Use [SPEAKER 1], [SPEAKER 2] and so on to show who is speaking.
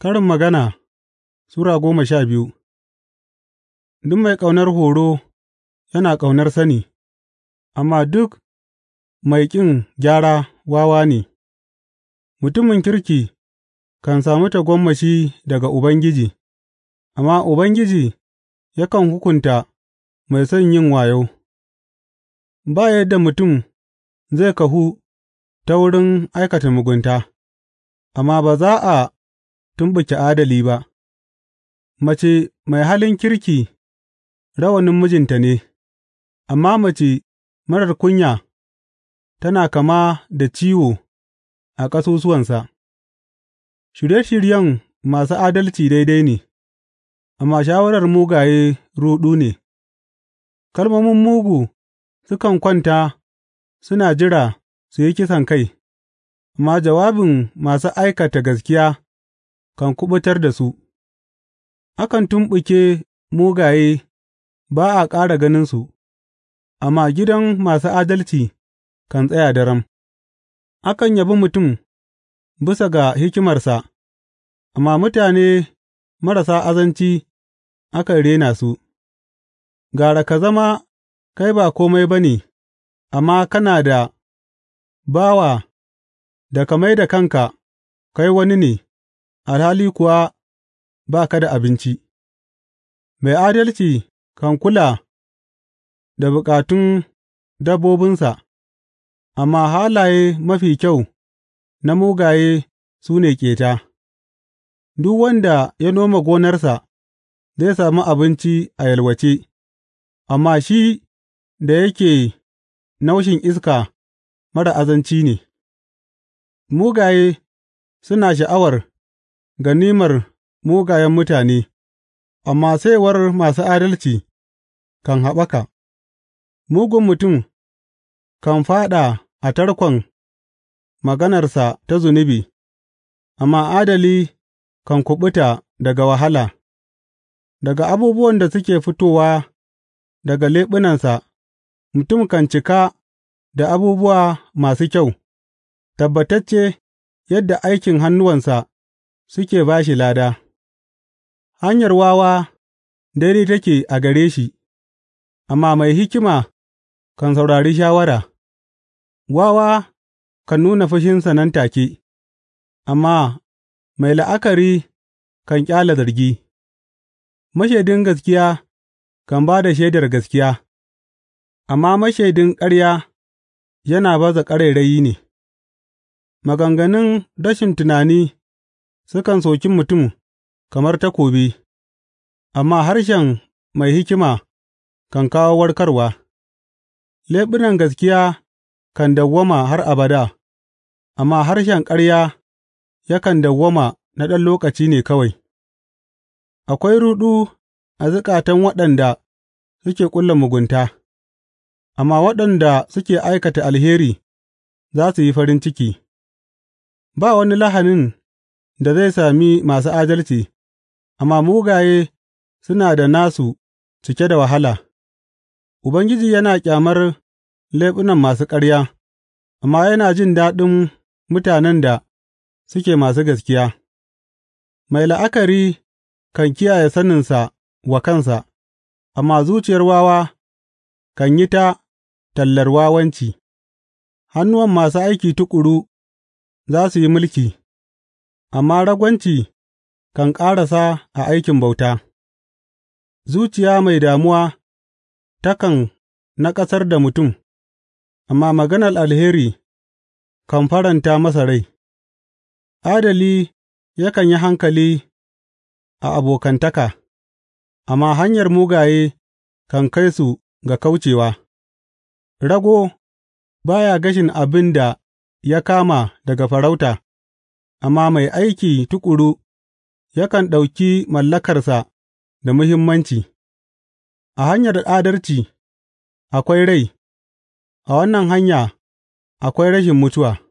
[SPEAKER 1] Karin Magana Sura goma sha biyu Duk mai ƙaunar horo yana ƙaunar sani, amma duk mai ƙin gyara wawa ne; mutumin kirki kan sami tagomashi daga Ubangiji, amma Ubangiji yakan hukunta mai son yin wayo; ba yadda mutum zai kahu ta wurin aikata mugunta, amma ba za a tumɓuke adali ba Mace mai halin kirki rawanin mijinta ne, amma mace marar kunya tana kama da ciwo a ƙasusuwansa; shirye shiryen masu adalci daidai ne, amma shawarar mugaye ruɗu ne; kalmomin mugu sukan kwanta suna jira su yi kisan kai, amma jawabin masu aikata gaskiya. kan kuɓutar da su, akan tumɓuke mugaye ba a ƙara ganinsu, amma gidan masu adalci kan tsaya daram, akan yabi mutum bisa ga hikimarsa, amma mutane marasa azanci akan rena su, gara ka zama kai ba komai ba ne, amma kana da bawa da ka mai da kanka kai wani ne. alhali kuwa ba ka da abinci, mai adalci kan kula da bukatun dabbobinsa, amma halaye mafi kyau na mugaye su ne ƙeta; duk wanda ya noma gonarsa zai sami abinci a yalwace, amma shi da yake naushin iska mara azanci ne Mugaye suna sha'awar. ganimar mugayen mutane, amma saiwar masu adalci kan haɓaka; mugun mutum kan fāɗa a tarkon maganarsa ta zunubi, amma adali kan kuɓuta daga wahala; daga abubuwan da suke fitowa daga leɓunansa mutum kan cika da abubuwa masu kyau, tabbatacce yadda aikin hannuwansa. suke ba shi lada, hanyar wawa daidai take a gare shi, amma mai hikima kan saurari shawara, wawa kan nuna fushinsa nan take, amma mai la'akari kan ƙyale zargi, mashaidin gaskiya kan ba da shaidar gaskiya, amma mashaidin ƙarya yana baza ƙarairayi ne, maganganun rashin tunani. Sukan soki mutum kamar takobi, amma harshen mai hikima kan kawo warkarwa; leɓunan gaskiya kan dawwama har abada, amma harshen ƙarya yakan dawwama na ɗan lokaci ne kawai; akwai ruɗu a zukatan waɗanda suke ƙulla mugunta, amma waɗanda suke aikata alheri za su yi farin ciki; ba wani lahanin. da zai sami masu adalci, amma mugaye suna da nasu cike da wahala; Ubangiji yana ƙyamar leɓunan masu ƙarya, amma yana jin daɗin mutanen da suke masu gaskiya; mai la'akari kan kiyaye saninsa wa kansa, amma zuciyar wawa kan yi ta tallar wawanci; hannuwan masu aiki tuƙuru za su yi mulki. amma ragwanci kan ƙarasa a aikin bauta; zuciya mai damuwa takan na ƙasar da mutum, amma maganar alheri kan faranta masa rai; adali yakan yi hankali a abokantaka, amma hanyar mugaye kan kai su ga kaucewa; rago ba ya gashin abin da ya kama daga farauta. amma mai aiki tuƙuru yakan ɗauki mallakarsa da muhimmanci; a hanyar adalci akwai rai, a wannan hanya akwai rashin mutuwa.